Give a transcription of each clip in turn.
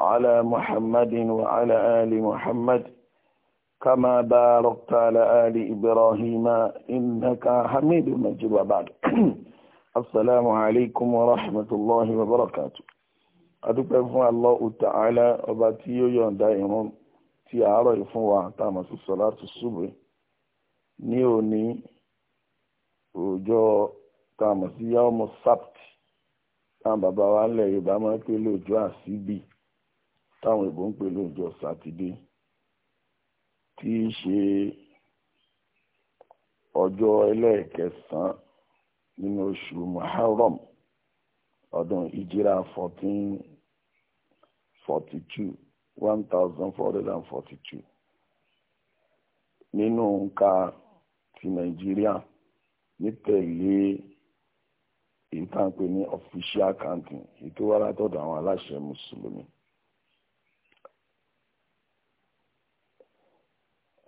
على محمد وعلى آل محمد كما باركت على آل إبراهيم إنك حميد مجيد وبعد السلام عليكم ورحمة الله وبركاته adúpẹ́ fún Allahu Ta'ala ọba tí yóò yọ̀ǹda ìrun ti àárọ̀ ìfún wa tààmà sí sọ̀látù súbù ní òní ọjọ́ tààmà sí yawmu sabt táwọn bàbá wa ń lẹ̀ yorùbá máa ń pè lóòjọ́ àṣíbì táwọn ìbò ń pè lóòjọ́ sátidé tí í ṣe ọjọ́ ẹlẹ́ẹ̀kẹsàn-án nínú oṣù muharram ọdún ìjírà fourteen forty two one thousand four hundred and forty two nínú nǹka ti nàìjíríà nítẹ̀lé èyí tá à ń pè ní official accounting èyí tó wá látọ̀dọ̀ àwọn aláṣẹ mùsùlùmí.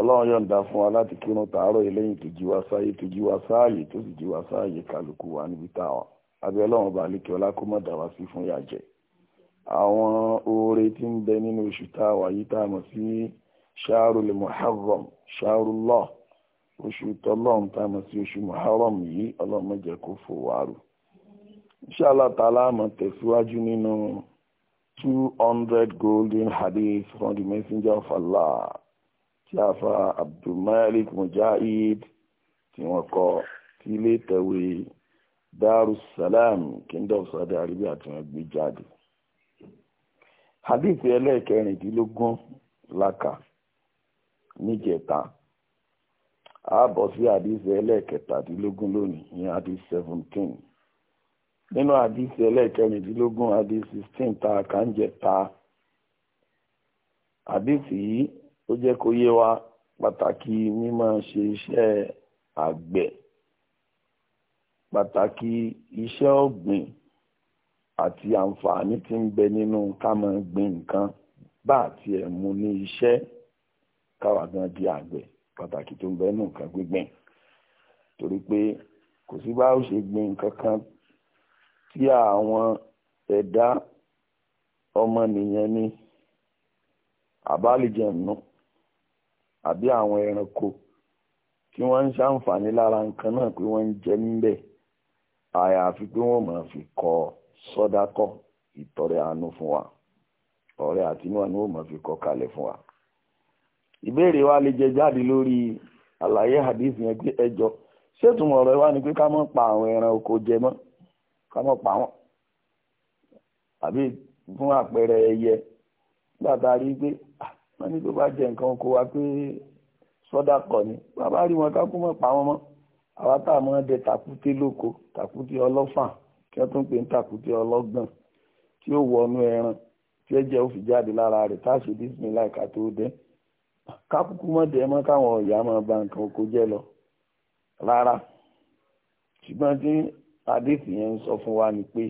ọlọ́run yọ̀ǹda fún wa láti kírun tàárọ̀ eléyìí tó jí wa sáyé tó jí wa sáàyè tó sì jí wa sáàyè kálukú wa níbi táwọn àbí ọlọ́run bá lékè ọlá kó má dá wa sí fún yàjẹ àwọn oore tí ń bẹ nínú oṣù tá a wà yìí tá a mọ̀ sí shahrul muharram shahrullah oṣù tọlọ́run tá a mọ̀ sí oṣù muharram yìí ọlọ́run má jẹ́ kó fò wá rù inshallah ta'ala mọ̀ tẹ̀síwájú nínú two hundred golden hadith from the messenger of Allah. tí àfa abdulmalik mujahid tí wọ́n kọ tí ilé ìtẹ̀wé darussalam kingdom saudi arabia tí wọ́n gbé jáde hadith ẹlẹ́ẹ̀kẹrìndínlógún laka níjẹta ààbọ̀ sí hadith ẹlẹ́ẹ̀kẹtàdínlógún lónìí ní hadith seventeen nínú hadith ẹlẹ́ẹ̀kẹrìndínlógún hadith sixteen ta kànjẹta hadith yìí. ó jẹ́ kó yé wa pàtàkì mímọ̀ ṣe iṣẹ́ àgbẹ̀ pàtàkì iṣẹ́ ọ̀gbìn àti àǹfààní tí ń bẹ nínú ká máa gbin nǹkan bá àti ẹ̀ mú ní iṣẹ́ káwa gan di àgbẹ̀ pàtàkì tó ń bẹ nínú nǹkan gbígbìn torí pé kò sí bá ó ṣe gbin nǹkan tí àwọn ẹ̀dá ọmọnìyàn ní àbálìjẹ̀nù. No àbí àwọn ẹranko tí wọ́n ń ṣàǹfààní lára nǹkan náà pé wọ́n ń jẹ níbẹ̀ àyàfi pé wọ́n mọ̀ fi kọ sọ́dákọ̀ ìtọrẹ àánú fún wa ọ̀rẹ́ àtinúwà ni fi kọ kalẹ̀ fún wa. ìbéèrè wa lè jẹ jáde lórí àlàyé yẹn pé wa ni pé ká pa àwọn jẹ mọ́ ká pa wọ́n wọ́n ní tó bá jẹ nǹkan oko wa pé sọ́dà kọ̀ ni bàbá rí wọn ká kú mọ̀ pa wọn mọ́ àwa tá a mọ̀ dẹ tàkúté lóko tàkúté ọlọ́fà kí wọ́n tún pè ní tàkúté ọlọ́gbọ̀n tí ó wọnú ẹran tí ẹ̀jẹ̀ ó fi jáde lára rẹ̀ tá a ṣe dísìn láìka tó dẹ́ kákúkú mọ̀ dẹ́ mọ́ káwọn ọ̀yà máa ba nǹkan oko jẹ́ lọ rárá ṣùgbọ́n tí àdéhùn yẹn ń sọ fún wa ni pé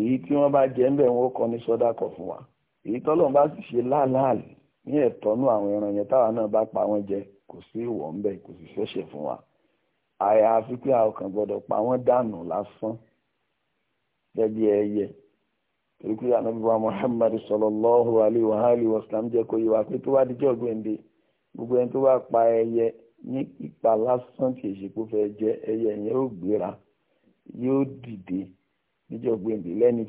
èyí tí wọ́n bá jẹ́ ń bẹ̀ wọ́n kọ́ ní sọ́dà kọ̀ fún wa èyí tọ́lọ́run bá sì ṣe láàláàlì ní ẹ̀tọ́nú àwọn ẹran yẹn táwa náà bá pa wọ́n jẹ kò sí ìwọ̀ ń bẹ̀ kò sì ṣẹ̀ṣẹ̀ fún wa àyàfi pé a gbọ́dọ̀ pa wọ́n dànù lásán gẹ́gẹ́ ẹyẹ torí pé anábíwá Muhammad sọlọ alayhi wa alihi wa sallam jẹ́ kó yé wa pé tó bá gbogbo ẹni tó bá pa ẹyẹ ní ipa lásán tí èsì kó fẹ́ jẹ ẹyẹ yẹn ó gbéra yóò dìde níjọ́ lẹ́ni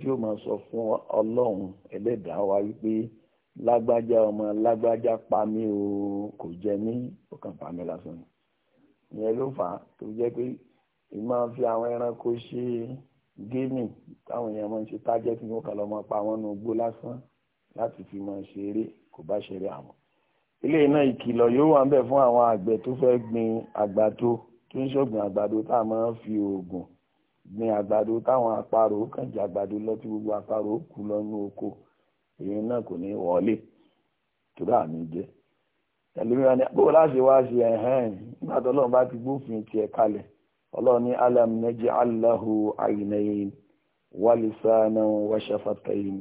tí lágbájá ọmọ lágbájá pa mí o kò jẹ mí ó kàn pa mí lásán ni ìyẹn ló fà á tó jẹ́ pé ìmọ̀ fi àwọn ẹranko ṣe géèmì táwọn èèyàn máa ń ṣe tájẹ́ tí wọ́n kàn lọ́ máa pa wọ́n nu igbó lásán láti fi máa ṣeré kò bá ṣeré àwọn. ilé iná ìkìlọ̀ yóò wà ń bẹ̀ fún àwọn àgbẹ̀ tó fẹ́ gbin àgbàdo tó ń ṣọ̀gbìn àgbàdo tá a máa ń fi oògùn gbin àgbàdo táwọn àparò kàn jẹ àgbàdo lọ ìyẹn náà kò ní wọlé tura mi jẹ ẹlòmíràn ni bó láti wá ṣe ẹhẹn nígbà tó Ọlọ́run bá ti gbófin kalẹ̀ Ọlọ́run ní alam naj'al lahu aynayn wa lisanan wa shafatayn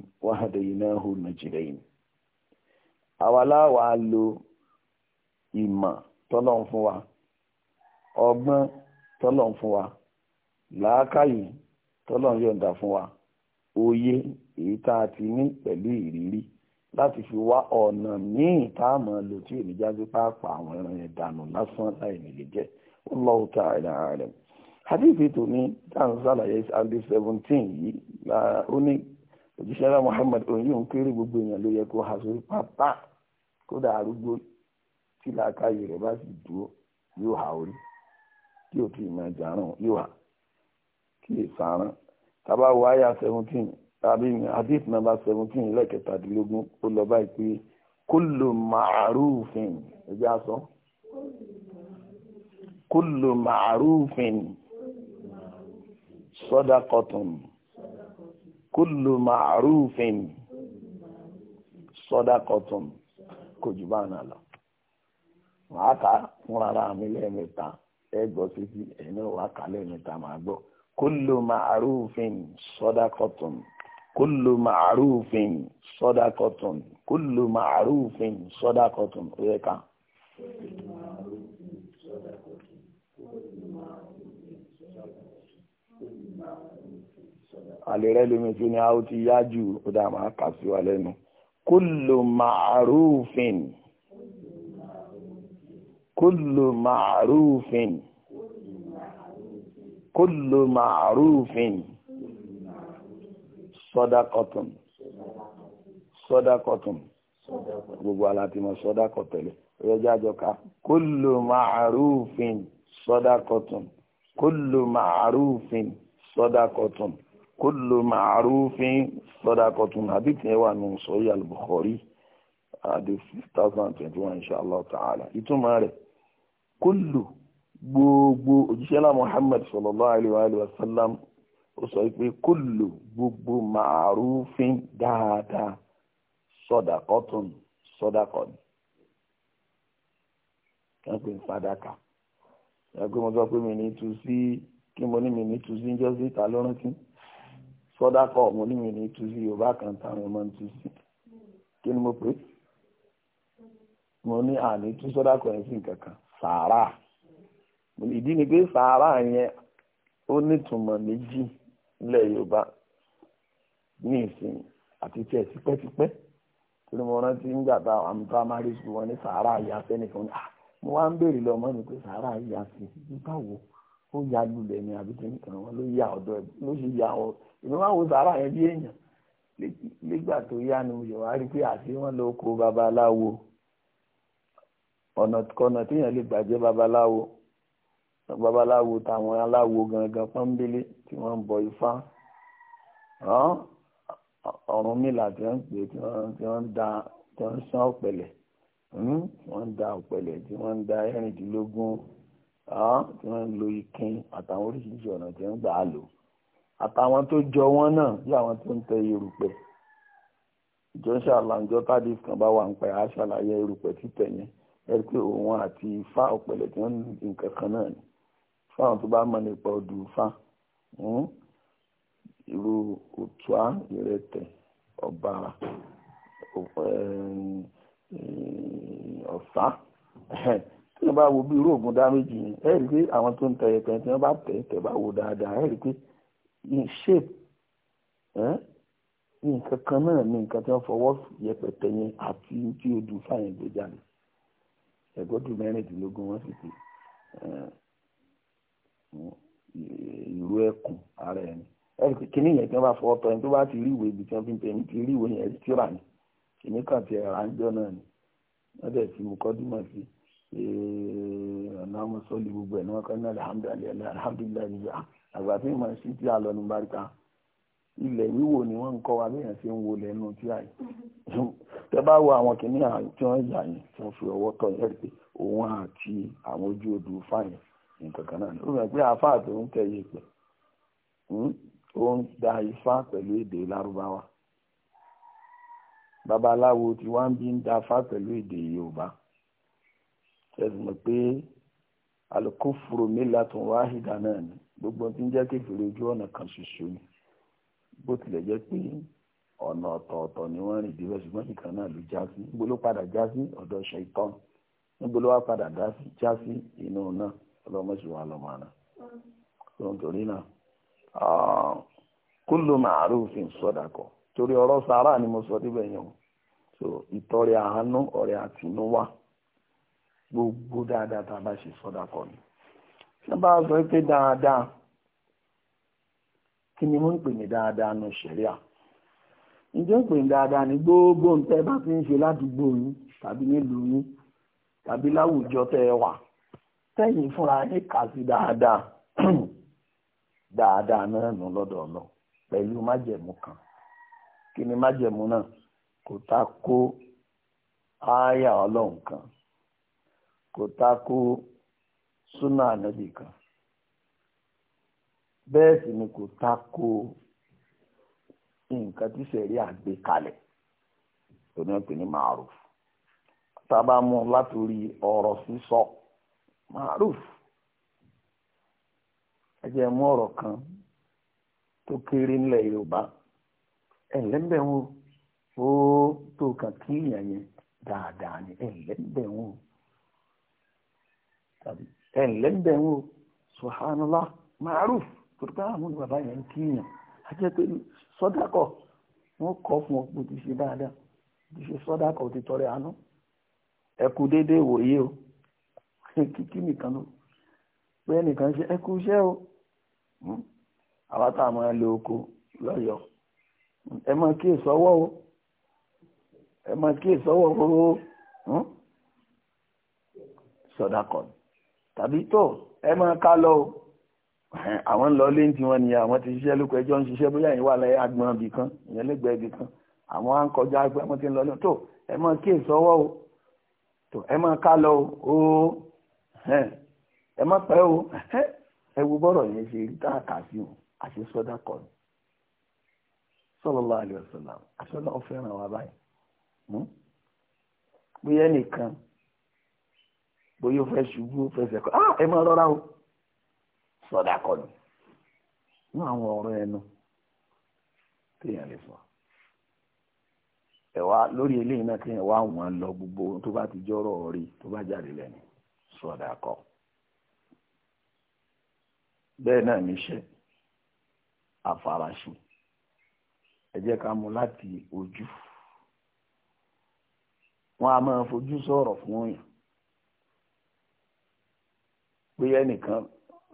àwa láwa lo ìmọ̀ fún fún wa làákàyè òye èyí tá a ti ní pẹ̀lú ìrírí láti fi wá ọ̀nà míì tá a mọ̀ lò tí èmi jáde pàápàá àwọn ẹran yẹn dànù lásán láì nílé jẹ́ wallahu ta'ala alam. hadithi tó ní dáhùn sálàyé sáàdé seventeen yìí ó ní òjíṣẹ́ rá Muhammad oyin ń kéré gbogbo èèyàn ló yẹ kó ha sórí kódà arúgbó tí làákàyè rẹ̀ bá sì dúró yóò ha orí kí òtún ìmọ̀ ìjà rán yóò ha kí èsà rán tábà wọ àyà seventeen tàbí hadith number seventeen lẹ́kẹtàdínlógún ó lọ báyìí pé kúlù màrúfin ẹgbẹ́ aṣọ kúlù màrúfin sọ́dàkọ̀tún kúlù màrúfin sọ́dàkọ̀tún kò jù bá náà lọ màá kà fúnra mi lẹ́ẹ̀mẹ́ta ẹ gbọ́ sí sí ẹ̀yin náà wàá kà lẹ́ẹ̀mẹ́ta màá gbọ́ kullu ma'rufin sadaqatun kullu ma'rufin sadaqatun kullu ma'rufin sadaqatun ó yẹ ká. àlèrè lómi tí ni a ó ti yá wa lẹ́nu kullu ma'rufin kullu ma'rufin kullu ma'rufin sọ́dákọ̀tún sọ́dákọ̀tún gbogbo aláàtìmọ̀ sọ́dákọ̀tẹ̀lẹ̀ rẹjájọka kullu ma'rufin sọ́dákọ̀tún kullu ma'rufin sọ́dákọ̀tún kullu ma'rufin sọ́dákọ̀tún àdìtì ẹwà ní sọ́yí al-Bukhari àdì 2021 insha Allah ta'ala ìtumọ̀ rẹ̀ kullu gbogbo òjíṣẹ́ náà Muhammad sallallahu alaihi wa sallam ó sọ pé kullu gbogbo màrúfin dáadáa sọdàkọtún sọdàkọni kan pè ń fàdákà ẹgbẹ́ mo sọ pé mi ní tu sí kí mo ní mi ní tu sí ń jọ́sí ìta ló rántí sọdàkọ mo ní mi ní tu sí Yorùbá kan táwọn ọmọ ń tu sí kí ni mo pè mo ní àní tú sọdàkọ yẹn sí nǹkan kan sàárà ìdí ni pé sàárà yẹn ó nítumọ̀ méjì nílẹ̀ yorùbá ní ìsìn àti tiẹ̀ tipẹ́tipẹ́ torí mo rántí nígbà tá àwọn primary school wọn ní sàárà yà sẹ́nìkan ah mo wá ń béèrè lọ́mọ mi pé sàárà yà sí i báwo ó ya lulẹ̀ ni àbí kí nìkan wọn ló ya ọ̀dọ́ ẹ̀ ló sì ya ọ èmi máa ń wo sàárà yẹn bí èèyàn nígbà tó yá ni mo yọ̀ wá rí pé àti wọn ló kó babaláwo ọ̀nà kọ̀nà téèyàn lè gbàjẹ́ babaláwo babaláwo táwọn aláwo gangan pọ́nbélé tí wọ́n ń bọ ifá Ọ̀rúnmìlà tí wọ́n ń pè tí wọ́n ń da tí wọ́n ń sán ọ̀pẹ̀lẹ̀ hmm? wọ́n ń da ọ̀pẹ̀lẹ̀ tí wọ́n ń da ẹ̀rìndínlógún tí wọ́n ń lo ikin àtàwọn oríṣiríṣi ọ̀nà tí wọ́n ń gbà á lò àtàwọn tó jọ wọ́n náà bí àwọn tó ń tẹ erùpẹ̀ ìjọsà làǹjọ tàbí kan bá wà ń pẹ àṣàlàyé erùpẹ̀ títẹ̀ yẹn ẹ pé òun àti ifá ọ̀pẹ̀lẹ̀ tí wọ́n ń nǹkan kan náà ni fáwọn tó bá mọ̀ nípa odù Ifá hmm? irú Òtúá Ìrẹtẹ̀ Ọ̀bàrà Ọ̀sá tí wọ́n bá wo bí irú oògùn dá méjì yẹn ẹ rí i pé àwọn tó ń tẹ ẹ̀pẹ̀ tí wọ́n bá tẹ̀ tẹ̀ bá wo dáadáa ẹ rí i pé in shape nǹkan kan náà ni nǹkan tí wọ́n fọwọ́ yẹpẹtẹ yẹn àti tí odù fáyẹn gbé jáde ẹ̀gbọ́dù mẹ́rìndínlógún wọ́n sì ti ìró eh, ẹkùn ara ẹni ẹni pé kíní yẹn tí wọn bá fọwọ́ tọ́ ẹni tó bá ti rí ìwé ibi tí wọn fi ń tẹ ẹni ti rí ìwé yẹn ti rà ní kíní kan ti rà ń jọ náà ni eh, wọn bẹ̀ fi mú kọ́dúmọ̀ sí ọ̀nà mọ́sọ́lì gbogbo ẹ̀ ní wọn kọ́ ní alihamudulilayi alihamudulilayi níjà àgbà tí mo sì ti àlọ́ ní barika ilẹ̀ wíwò ni wọ́n ń kọ́ wa bẹ́ẹ̀ ṣe ń wo lẹ́nu tí àyè tẹ bá wo àwọn kìnìún tí wọ́n yà yẹn tí wọ́n fi ọwọ́ tọ̀ yẹ́rì pé òun àti àwọn ojú odò fáyẹn nǹkan kan náà ó rẹ̀ pé àáfàá tó ń tẹ̀ yìí pẹ̀ hmm, ó ń da ifá pẹ̀lú èdè lárúbáwá babaláwo tí wá ń bí ń da ifá pẹ̀lú èdè yorùbá ṣẹ̀sìn mọ̀ pé alukófòrò mélòó tó ń wá hídà náà ni gbogbo tí ń jẹ́ kékeré ojú ọ̀nà kan ṣoṣo ni bó tilẹ̀ jẹ́ pé ọ̀nà ọ̀tọ̀ọ̀tọ̀ ni wọ́n rìn débẹ̀ ṣùgbọ́n nìkan náà ló já sí níbo padà já sí ọ̀dọ̀ ṣe ìtọ́n níbo ló padà já sí inú náà ọlọ́mọ sì wà lọ́mọ àná tó mm. torí náà kúlù màrúfin sọdakọ torí ọ̀rọ̀ sàárà ni mo sọ débẹ̀ yẹn so ìtọrẹ àánú ọrẹ àtinúwá gbogbo dáadáa tá a bá ṣe ni ṣé bá a sọ pé dáadáa kí ni mo ń pè ní dáadáa nu ṣẹ̀ríà ǹjẹ́ ń pè ní dáadáa gbogbo tẹ́yìn fúnra yín kà sí dáadáa dáadáa náà nù lọ́dọ̀ ọ̀nà pẹ̀lú májẹ̀mú kan kí ni májẹ̀mú náà kò ta kó ááyà ọlọ́run kan kò ta kó kan bẹ́ẹ̀ sì ni kò ta kó nǹkan tí sẹ̀rí àgbé kalẹ̀ tó ní pè ní màrúf maruf ẹ mú kan tó kéré ńlẹ̀ yorùbá ẹ̀lẹ́mbẹ̀ wọn ó tó kàn kí èèyàn yẹn dáadáa ni ẹ̀lẹ́mbẹ̀ wọn tàbí ẹ̀lẹ́mbẹ̀ wọn subhanallah maruf bàbá yẹn ṣe dáadáa ti ṣe ti tọrẹ kíkí nìkan ló pé ẹnìkan ṣe ẹ kú iṣẹ́ o hmm? àwa tá a máa lo oko lọ́yọ̀ọ́ hmm? ẹ máa kí ìsọwọ́ o ẹ máa kí ìsọwọ́ o hmm? sọ̀dàkọ̀ tàbí tó ẹ máa ká lọ o àwọn ń lọ lé ní tiwọn nìyà àwọn ti ṣiṣẹ́ lóko ẹjọ́ ń ṣiṣẹ́ bóyá ìwà lẹ́yìn agbọ̀n ibì kan ìyẹn lẹ́gbẹ̀ẹ́ ibì kan àwọn á ń kọjá pé wọ́n ti ń lọ lọ tó ẹ máa kí ìsọwọ́ o tó ẹ máa ká lọ o ẹ má pẹ́ o ẹ bọ́rọ̀ yẹn ṣe rí táàkà sí o àti sọ́dá kọ́ ni sallallahu alaihi wasallam ọ̀fẹ́ràn wa báyìí bóyá nìkan bóyá ó fẹ́ ṣubú o fẹ́ sẹ́kọ̀ọ́ ah, ẹ má rọra o sọ́dá kọ́ ni ní àwọn ọ̀rọ̀ ẹnu téèyàn lè sọ lórí eléyìí náà téèyàn wá lọ gbogbo tó bá ti jọ́rọ̀ rí tó bá jáde sọ̀dàkọ̀ bẹ́ẹ̀ náà níṣẹ́ àfaraṣe ẹ jẹ́ ká mú láti ojú wọn a máa fojú sọ̀rọ̀ fún òyìn pé ẹnìkan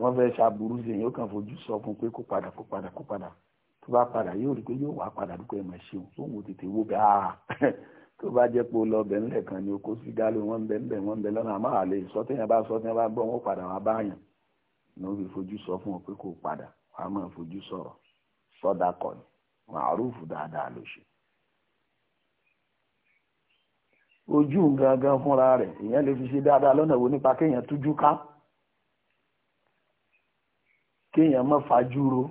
wọ́n fẹ́ ṣàbùrú sí èyàn ó kàn fojú sọ fún pé kó padà kó padà kó padà tó bá padà yóò rí pé yóò wá padà dúpẹ́ ẹ̀ máa ṣeun tó ń wo tètè wo bẹ́ẹ̀ tó bá jẹ́ pé o lọ bẹ̀ ńlẹ̀ kan ni o kó sí gálò wọ́n ń bẹ̀ ńbẹ̀ wọ́n ń bẹ̀ lọ́nà àmọ́ àlè sọ́tẹ́yìn bá sọ́tẹ́yìn bá gbọ́ wọn padà wá báyàn ní o fi fojú sọ fún ọ pé kò padà wà á máa fojú sọ̀rọ̀ sọ́dà kọ̀ ni màrúfù dáadáa ló ṣe. ojú gangan fúnra rẹ̀ èèyàn lè fi ṣe dáadáa lọ́nà wo nípa kéèyàn tújú ká kéèyàn má fajúro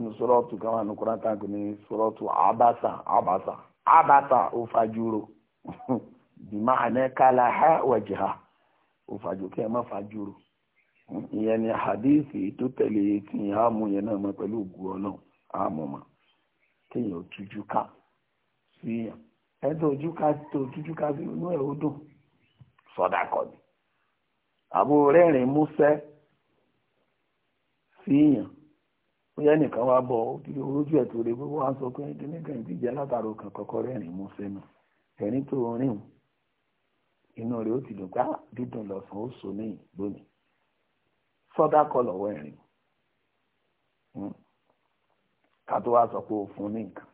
nusrọ́tù káwọn ànukúrá táàkì ní sọ́rọ́tù àbáṣà abata òfàjúrò bima'ana kalaha wajha òfàjò kí ẹ má fàjúrò ni hadithi tó tẹ̀lé ti a mú yẹn náà pẹ̀lú ògùn ọlọ́run àmọ̀mọ́ kéèyàn tújú ká sí yàn ẹ tó ojú ká tó tújú ká sí inú ẹ̀ bóyá ẹnìkan wá bọ orójú ẹ̀ rẹ gbogbo wa ń sọ pé kíní kan látàrí ọkàn kọ́kọ́ rẹ́rìn mú sẹ́nu ẹ̀rín tó rìn inú rẹ̀ ó ti dùn ah, dídùn ó so ní ìgbóni sọ́dá kọ lọ́wọ́ ẹ̀rín hmm. ká tó wá sọ pé ó fún ní nǹkan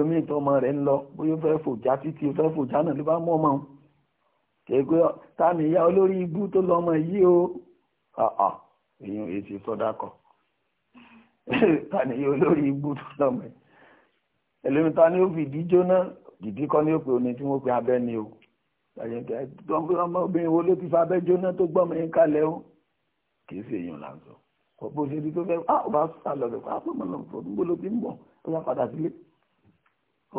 omi ìtọ́mọ rẹ̀ ń lọ bóyá ó fẹ́ fòjá títí ó fẹ́ fòjá náà ló bá mú ọmọ òun tani yóò lórí igbó tó tọmọ ẹ ẹlẹ́mìta ni ó fi ìdí jóná dìdí kọ́ ni ó pe oní tí wọ́n pe abẹ́ ni o ọmọbìnrin wo ló ti fa abẹ́ jóná tó gbọ́mọ yín kalẹ̀ o kì í ṣe èèyàn là ń sọ ọ̀pọ̀ òṣèlú tó fẹ́ ah ọba sálọ rẹ̀ pa ah, pọ̀ mọ́lọ́ fọ́ níbo ló ti ń bọ̀ ó wá padà sílé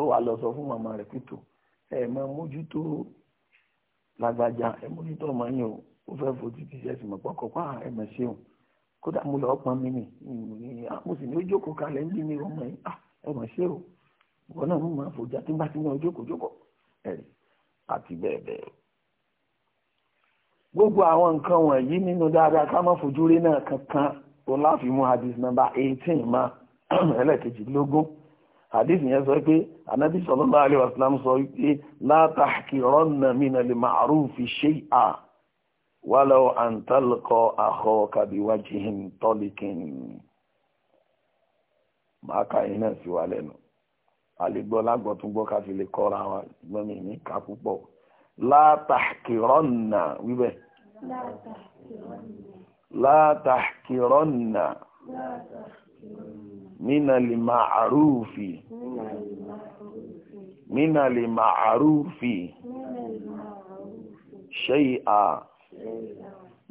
ó wà lọ sọ fún màmá rẹ̀ pító ẹ mọ mójútó lágbájá ẹ mójútó ọmọ yín o ó fẹ́ fojú ti ṣẹ́sìn mọ́ pọ́kọ́ pa ah, ẹ mọ̀ ṣeun kódà mo lọ pọn mi nì mo sì ní ó jókòó kalẹ̀ ń bí mi ọmọ yìí ah, ẹ mọ̀ ṣé o ìwọ náà mo máa fòjà tí bá ti ní ọjọ́ kòjókò ẹ̀rí àti bẹ́ẹ̀ bẹ́ẹ̀. gbogbo àwọn nǹkan wọ̀nyí nínú dáadáa ká má fojú rí náà kankan tó láfi mú hadith number eighteen ma ẹlẹ́kejìlélógún hadith yẹn sọ pé anabi sallallahu alaihi wasallam sọ pé la tahqiranna mina al-ma'rufi shay'a walaw an talqa akhaka biwajhin talikin máa ka yín náà sí wa lẹ́nu àlégbọ́ lágbọ̀túngbọ́ ká fi lè kọ́ra wa ṣùgbọ́n mi ní ká púpọ̀ la wíbẹ̀ la tahkiranna mina li ma'arufi mina li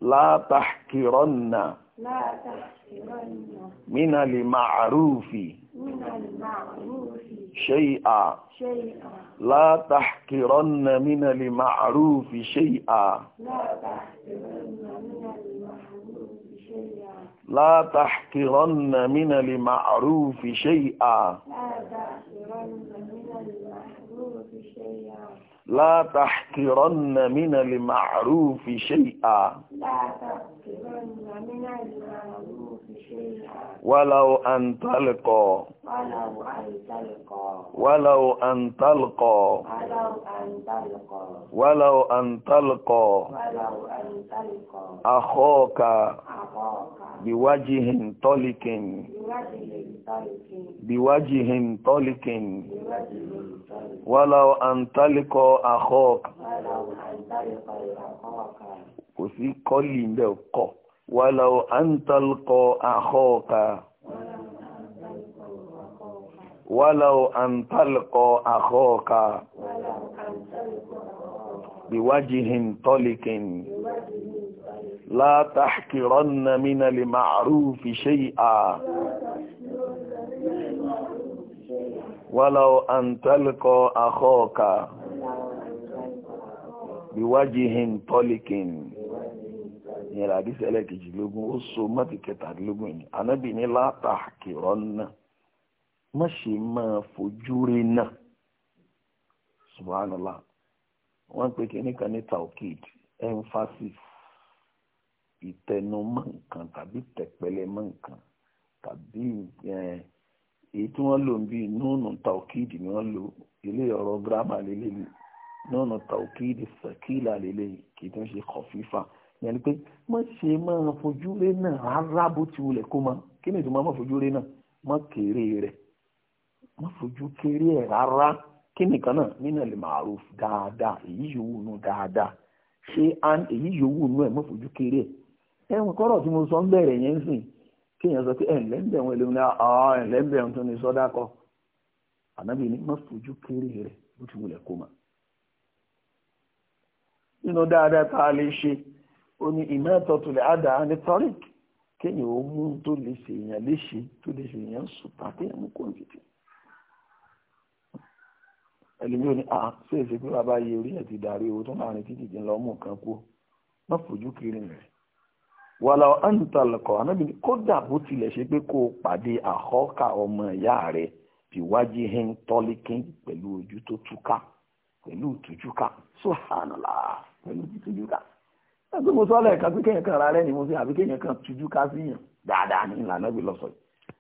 لا تحكرن لا من المعروف شيئا لا تحكرن من المعروف شيئا لا تحكرن من المعروف شيئا لا تحكرن من المعروف شيئا لا لا تحقرن من المعروف شيئا لا تحقرن من المعروف ولو أن تلقى ولو أن تلقى ولو أن تلقى أخوك بوجه طلق بوجه طلق ولو أن تلقى أخوك kò sí kọ́lì ولو أن تلقى أخوك ولو أن تلقى أخوك بوجه طلق لا تحكرن من المعروف شيئا ولو أن تلقى أخوك بوجه طلق ìyẹn àdìsí ẹlẹ́kejìlélógún ó so mọ́tì kẹtàdínlógún yìí anábì ní látàkìrọ́ náà má ṣe máa fojú rí náà subhanallah wọ́n pe kínní kan ní taokid emphasis ìtẹnumọ́ nǹkan tàbí tẹ̀pẹ́lẹ́ mọ́ nǹkan tàbí èyí tí wọ́n lò ń bí nùnù taokid ni wọ́n lò ilé ọ̀rọ̀ gírámà lélẹ́yìn nùnù taokid sẹ́kìlà lélẹ́yìn kì í tún ṣe kọ̀fífà. yẹn ni pé má ṣe máa fojú rẹ náà rárá bó ti wulẹ̀ kó máa kí ni ma máa fojú rẹ náà má kéré rẹ má fojú kéré rárá kí nìkan náà nínú ẹ̀ lè dáadáa èyí wù nù dáadáa ṣé èyí wù nù ẹ̀ má fojú kéré ẹ̀ kọ́rọ̀ tí mo sọ ń bẹ̀rẹ̀ yẹn sìn sọ pé ẹ̀ ń tó ní sọ́dá kọ ànábì má fojú kéré rẹ̀ bó ó ní iná tọ́tulẹ̀ àdá ní tọ́rík kéèyàn ó mú tó lè ṣe èèyàn léṣe tó lè ṣe èèyàn sùpà kéèyàn mú kó nìtì ẹlòmí ò ní à ṣe é ṣe pé bàbá yẹ orí ẹ̀ ti dàrí owó tó láàrin títì dín lọ́mú kan kú má fojú kiri rẹ̀ wàlà àǹtàlẹ̀kọ̀ anábì ní kódà bó tilẹ̀ ṣe pé kó o pàdé àhọ́kà ọmọ ìyá rẹ̀ bíwájú hẹ́ń tọ́líkín pẹ̀lú ojú tó túká pẹ̀lú ìtújúká sóhánàlá pẹ̀lú ìtújúká ẹgbẹ́ mo sọ́lẹ̀ kan pé kéèyàn kan rárẹ̀ ni mo fi àbí kéèyàn kan tujú ká sí yàn dáadáa ní ìlànà ìgbè lọ́sọ̀ yìí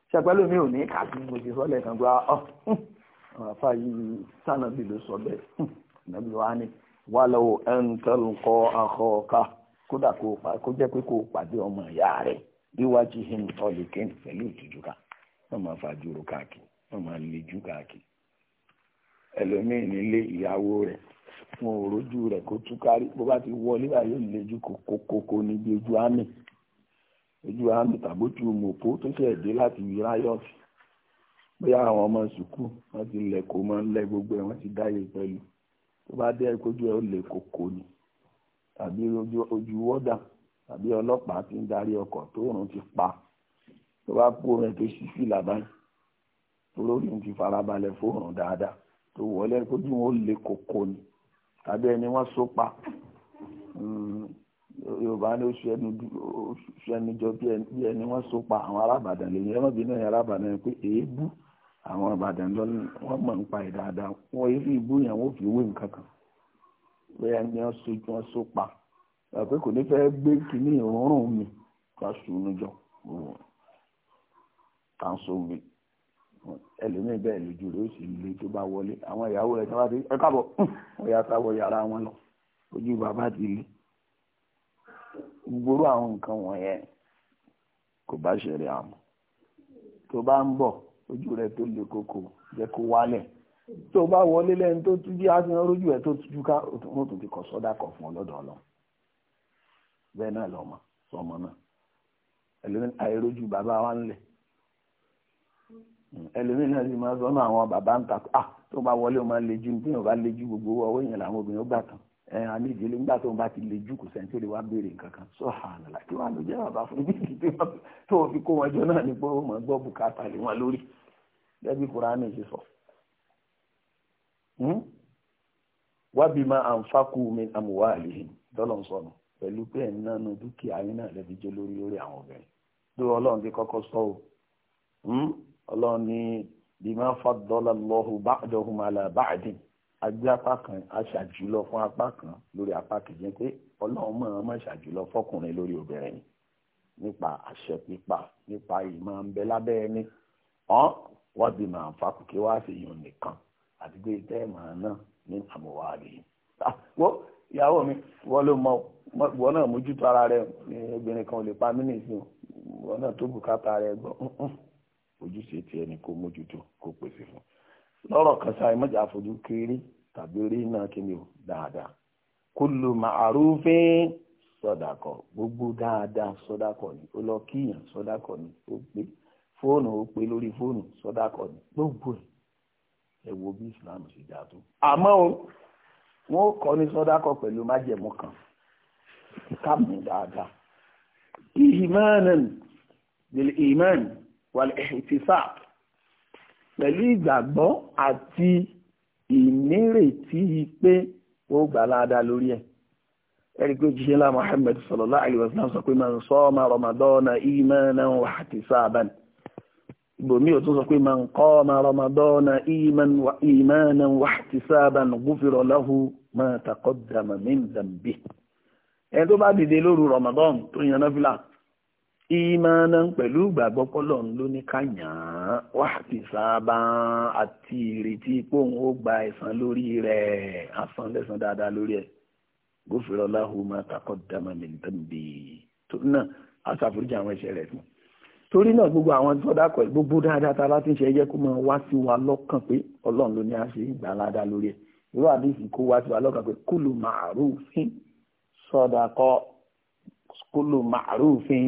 ṣe pẹ́lú mi ò ní kà sí mo ti sọ́lẹ̀ kan gba ah, ọ àfa yìí sànàbí ló sọ bẹ́ẹ̀ nàbí wa ni wà lọ́wọ́ ẹnkẹ́lùkọ́ akọ́ọ̀ká kódà kó jẹ́ pé kó pàdé ọmọ ìyá rẹ̀ níwájú hin ọ̀lẹ́kẹ́ni pẹ̀lú ìtújú ká wọ́n máa fàjúrò káàkiri wọ́n máa lejú káàkiri ẹlòmíì nílé ìyàwó rẹ̀ wọn ò rójú rẹ̀ kó túkárí bó bá ti wọlé báyìí yóò lejú kókókó níbi ojú àmì ojú àmì tàbójú mòpó tó ṣe dé láti wí ráyọ̀sì bóyá àwọn ọmọ sùkúù wọn ti lẹ̀ kó mọ́ lẹ́ gbogbo ẹ̀ wọ́n ti dáyé pẹ̀lú tó bá dé kójú ẹ̀ ó lè kókó ni tàbí ojú wọ́dà tàbí ọlọ́pàá ti ń darí ọkọ̀ tó rùn ti pa tó bá kú orin tó ṣí sí làbáyé torí òun ti farabalẹ̀ fóòrùn dáadáa tó wọlé kójú wọn ó lè kókó ni tàbí ẹni wọ́n so pa hmm, yorùbá ní oṣù ẹnìjọ bí ẹni wọ́n so pa àwọn arábàdàn lè yẹn wọ́n bí náà arábàdàn yẹn pé èébú àwọn àbàdàn lọ wọ́n mọ̀ nípa ìdáadáa wọ́n yìí fi ìbú yẹn wọ́n fi wé nǹkan kan pé ẹni wọ́n so wọ́n so pa pé kò ní fẹ́ gbé kínní òórùn mi kó aṣọ onújọ òun kà ń so mi ẹlòmíì bẹ́ẹ̀ lójú rẹ̀ ó sì le tó bá wọlé àwọn ìyàwó rẹ̀ tí wọ́n ti ẹ káàbọ̀ wọ́n yà sáwọ́ yàrá wọn lọ ojú bàbá ti le gbogbo àwọn nǹkan wọ̀nyẹn kò bá ṣẹlẹ̀ àmọ́ tó bá ń bọ̀ ojú rẹ̀ tó le koko jẹ́ kó wálẹ̀ tó bá wọlé lẹ́ni tó tún jí aṣọ rojú ẹ̀ tó tújú ká wọ́n tún ti kọ̀ sọ́dà kọ̀ fún ọlọ́dọ̀ ọlọ́ bẹ́ẹ̀ náà lọ́mọ sọmọ náà ẹ̀lẹ́ni àìrójú bàbá wa ń lẹ̀ ẹlòmíín náà sì máa sọnù àwọn bàbá ń ta ah tó bá wọlé o máa lejú bí wọn bá lejú gbogbo owó èèyàn làwọn obìnrin ó gbà tán ẹ àmì ìdílé ńgbà tó ń bá ti lejú kò sẹ́ni tó lè wá béèrè nǹkan kan sọ àlàlà kí wàá ló jẹ́ bàbá fún ibi ìdílé tó fi kó wọn jọ náà ni pé ó mọ̀ gbọ́ bùkátà lé wọn lórí gẹ́gẹ́ kúránì ṣe sọ. wábì máa àǹfààkù mi àmùwá àlehìn tọ́lọ̀ sọnù pẹ̀lú pé ẹ̀ ọlọ́run ní bímọ fàdọ́là lọ́hùn báàdọ́hùn àlà báàdì agbé apá kan aṣàjùlọ fún apá kan lórí apá kejì pé ọlọ́run mọ̀ ọmọ ṣàjùlọ fọkùnrin lórí obìnrin nípa àṣẹ pípa nípa ìmọ̀ ń bẹ lábẹ́ ẹni ọ́n wọ́n bí màá fa kòkè wá sí yòó nìkan àti pé tẹ́ màá náà ní àmúwá rèé. wọ́n ìyàwó mi wọ́n ló mọ wọ́n náà mójútó ara rẹ̀ obìnrin kan ò lè pa mí nìyí wọ́n náà tó bùkátà rẹ̀ gbọ́ ojúṣe tí ẹni kó mójútó kó pèsè fún lọ́rọ̀ kan sáré mọ́jà fojú kéré tàbí orí náà kí ni o dáadáa kullu ma'rufin sọ̀dàkọ̀ gbogbo dáadáa sọ̀dàkọ̀ ni ó lọ kíyàn sọ̀dàkọ̀ ni ó pé fóònù ó pé lórí fóònù sọ̀dàkọ̀ ni gbogbo ẹ̀ ẹ wo bí Islam ṣe dá tó àmọ́ o wọ́n kọ́ ní sọ̀dàkọ̀ pẹ̀lú májẹ̀mú kan kámi dáadáa ìmánì bil wàlẹ̀ ìtìsà pẹ̀lú ìgbàgbọ́ àti ìnírètí pé wọ́n gbà láàdá lórí ẹ̀ ẹ̀rí pé jíṣẹ́ lá Muhammad sallallahu alaihi wasallam sọ pé man sama Ramadana imanan wa ihtisaban ìbòmí ò tún sọ pé man qama Ramadana imanan wa ihtisaban ghufira lahu ma taqaddama min dhanbihi ẹni tó bá dìde lóru Ramadan tó yànnà fìlà ìmọ̀ọ́nà pẹ̀lú ìgbàgbọ́ pọ́lọ̀ ń ló ní kàyàn wà ti sábà àti ìrètí póun ó gba ẹ̀san lórí rẹ̀ àsan lẹ́san dáadáa lórí ẹ̀ gófìrọ̀ láhùmá takọ́ dàmàmì tẹ̀m̀bì torí náà aṣàforíjì àwọn ẹ̀ṣẹ̀ rẹ̀ fún torí náà gbogbo àwọn sọ́dákọ̀ gbogbo dáadáa tá a bá ti ń ṣe ẹjẹ́ kó máa wá sí wa lọ́kàn pé ọlọ́run ló ní a ṣe ìgbàládá lórí ẹ̀ irú àdéhùn kó wá sí wa lọ́kàn pé kúlù màrúfin sọ́dákọ̀ kúlù màrúfin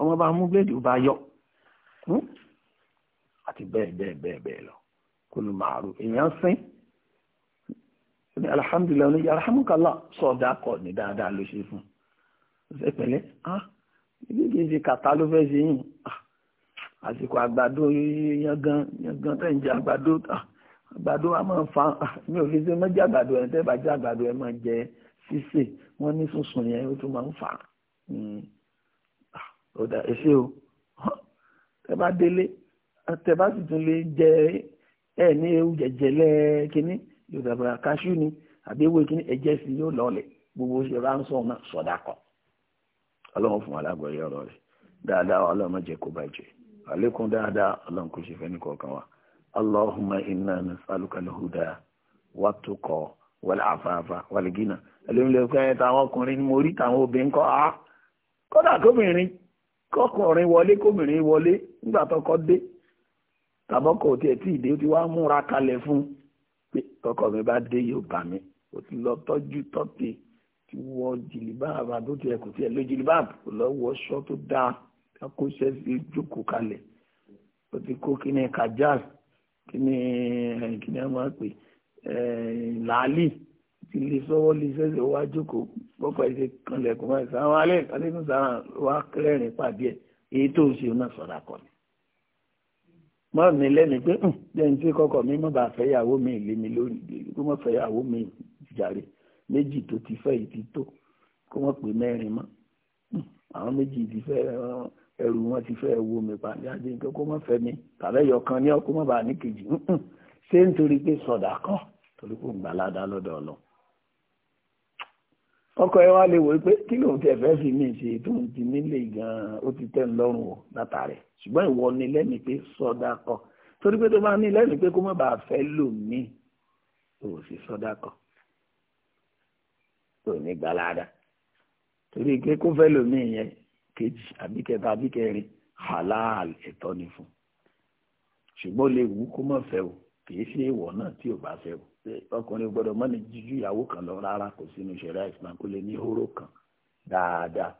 ọmọ bá mú bíléèdì ó bá yọ hm? àti bẹ́ẹ̀ bẹ́ẹ̀ bẹ́ẹ̀ bẹ́ẹ̀ lọ kò ní màrú èèyàn sín ní alhamdulillah ní yàrámùkálà sọ̀dá kọ̀ ní dáadáa ló ṣe fún ṣe pẹ̀lẹ́ ah ibi kìí ṣe kàtá ló fẹ́ ṣe yìn ah, àsìkò àgbàdo yangan yangan tẹ̀ ń jẹ àgbàdo ah, àgbàdo a máa fa ah, mi ò fi ṣe mọ́jẹ́ àgbàdo ẹ̀ tẹ́ àgbàdo ẹ̀ máa jẹ sísè wọ́n ní sunsun yẹn ó tún máa ń fà ọ̀dà ẹ̀ṣẹ́ o tẹ bá délé tẹ bá sì tún lè jẹ ẹ ní ewu jẹjẹlẹ kínní yorùbá kaṣú ni àbí ewu kínní ẹ̀jẹ̀ sì yóò lọlẹ̀ gbogbo ṣe bá ń sọ ọ̀nà sọ̀dà kan ọlọ́run fún alágbọ̀ọ́yé ọ̀rọ̀ rẹ̀ dáadáa ọlọ́run jẹ́ kó bàjẹ́ àlékún dáadáa ọlọ́run kò ṣe fẹ́ ní kọ̀ọ̀kan wa inna nas'aluka huda wat-tuqa wal afa wal-ghina ẹlẹ́yìn lè fẹ́ táwọn ọkùnrin táwọn obìnrin kọ́ ah! kọkùnrin wọlé kóbìnrin wọlé nígbà tọkọ dé tàbọkọ ò tiẹ̀ tí ì dé ó ti wá múra kalẹ̀ fún pé tọkọ mi bá dé yóò bà mí ó ti lọ tọ́jú tọ́tì ti wọ jìlìbáàbù àbó tiẹ̀ kò tiẹ̀ ló jìlìbáàbù kò lọ wọ ṣọ tó dáa akóṣẹ́ sí jókòó kalẹ̀ ó ti kó kíní kajal kíní kíní ẹ máa pè ẹ eh, làálì ti lè sọ́wọ́ lè sẹ́sẹ̀ wá jókòó pọ́pọ́ ìṣe kanlẹ̀kùn máa ṣe àwọn alẹ́ àlékún sáà wá kẹrẹ́rìn pàdé ẹ̀ èyí tó ń ṣe náà sọ̀rọ̀ akọni. mọ́ mi lẹ́nu pé jẹ́ ní tí kọ́kọ́ mi mọ́ bá fẹ́yàwó mi lé mi lónìí kó mọ́ fẹ́yàwó mi jàre méjì tó ti fẹ́ yìí ti tó kó mọ́ pé mẹ́rin mọ́ àwọn méjì ti fẹ́ ẹrù wọn ti fẹ́ wo mi pàdé àti nǹkan kó mọ́ fẹ́ mi tàbẹ́yọ̀ kan ní ọkọ́ mọ́ bá ní kejì ṣé nítorí pé sọ̀dà kan torí kò ń gbà lọ́dọ̀ ọlọ́run ọkọ ẹ wá lè wò pé kí lóun ti ẹ̀fẹ́ fi mí ṣe tó ń ti nílé gan-an ó ti tẹ́ ń lọ́rùn o látàrí ṣùgbọ́n ìwọ ni lẹ́mìí pé sọ́dá kọ torí pé tó bá ní lẹ́mìí pé kó má bàa fẹ́ lò mí ò sì sọ́dá kọ ò ní gbalada torí pé kó fẹ́ lò mí yẹn kejì àbí kẹta àbí kẹrin halal ẹ̀tọ́ ni fún ṣùgbọ́n lè wù kó má fẹ́ o kì í ṣe ìwọ náà tí ò bá fẹ́ o. ọkùnrin gbọ́dọ̀ mọ́ ní jíjú ìyàwó kan lọ rárá kò sínú ìṣẹ̀lẹ̀ Islam kó lè ní hóró kan dáadáa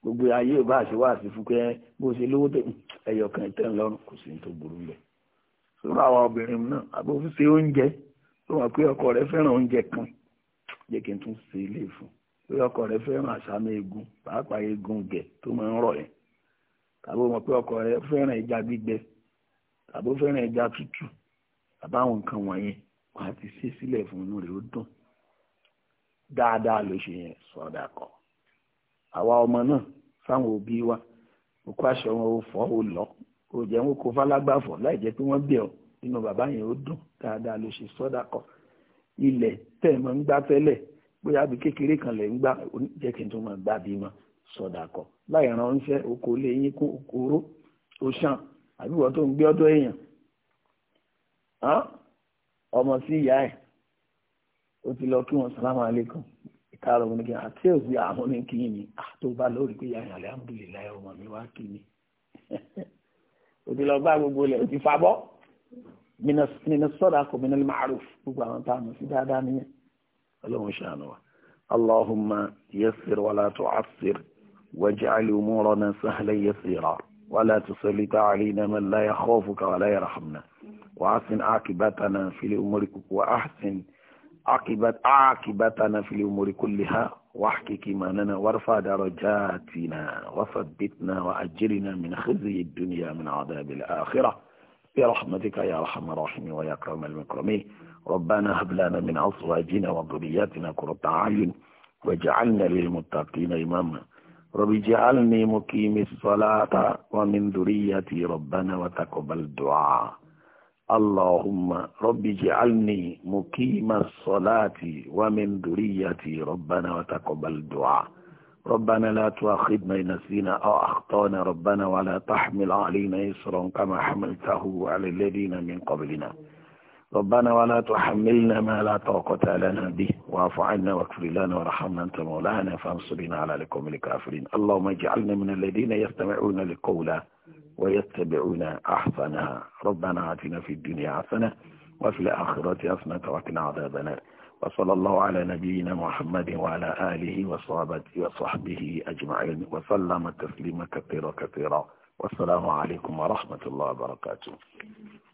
gbogbo ayé bá ṣe wá sí fún pé bó ṣe lówó tẹ ẹyọ kan ìtẹ́n lọ́rùn kò sí tó burú àwọn obìnrin náà àbò oúnjẹ pé ọkọ rẹ fẹ́ràn oúnjẹ kan n tó máa ń wọ́n á ti ṣe sílẹ̀ fún inú rẹ̀ ó dùn dáadáa ló ṣe yẹn sọ̀dà kọ́ àwa ọmọ náà sáwọn òbí wa òkú aṣọ wọn ò fọ́ ò lọ ò jẹ́ wọn kó falágbàfọ̀ láì jẹ́ pé wọ́n bẹ̀ ọ́ inú bàbá yẹn ó dùn dáadáa ló ṣe sọ̀dà kọ́ ilẹ̀ tẹ̀ mọ́ ń gbá tẹ́lẹ̀ bóyá bí kékeré kan lẹ̀ ń gbá jẹ́ kí n tún máa gbá bí sọ̀dà kọ́ láì ránṣẹ́ oko lé yín kún okòró oṣan àbí wọ́n tó ń gbé ọdún èèyàn ọmọ sí ìyá ẹ̀ ó ti lọ kí wọn sàlámù aleikum ìkárọ̀ wọn kí àti òsì àwọn ní kí ni àtó bá lórí pé yàrá alihamudulilayi ọmọ mi wá kí ni ó ti lọ bá gbogbo ilẹ̀ ó ti fa bọ́ minasọ́dà kò minal ma'ruf gbogbo àwọn tá a mọ̀ sí dáadáa nìyẹn ọlọ́run ṣàánú wa allahumma yassir wala tu'assir waj'al umurana sahlan yasira. ولا تسلط علينا من لا يخافك ولا يرحمنا وأحسن عاقبتنا في الأمور وأحسن عاقبت عاقبتنا في الأمور كلها واحكك إيماننا وارفع درجاتنا وثبتنا وأجرنا من خزي الدنيا من عذاب الآخرة برحمتك يا أرحم الراحمين ويا أكرم المكرمين ربنا هب لنا من أزواجنا وذرياتنا قرة أعين واجعلنا للمتقين إماما رب اجعلني مقيم الصلاة ومن ذريتي ربنا وتقبل دعاء اللهم رب اجعلني مقيم الصلاة ومن ذريتي ربنا وتقبل دعاء ربنا لا تؤاخذنا إن نسينا أو أخطأنا ربنا ولا تحمل علينا إصرا كما حملته على الذين من قبلنا ربنا ولا تحملنا ما لا طاقة لنا به واعف عنا واغفر لنا وارحمنا أنت مولانا فانصرنا على القوم الكافرين اللهم اجعلنا من الذين يستمعون القول ويتبعون أحسنها ربنا آتنا في الدنيا حسنة وفي الآخرة حسنة وقنا عذاب النار وصلى الله على نبينا محمد وعلى آله وصحبه وصحبه أجمعين وسلم تسليما كثيرا كثيرا والسلام عليكم ورحمة الله وبركاته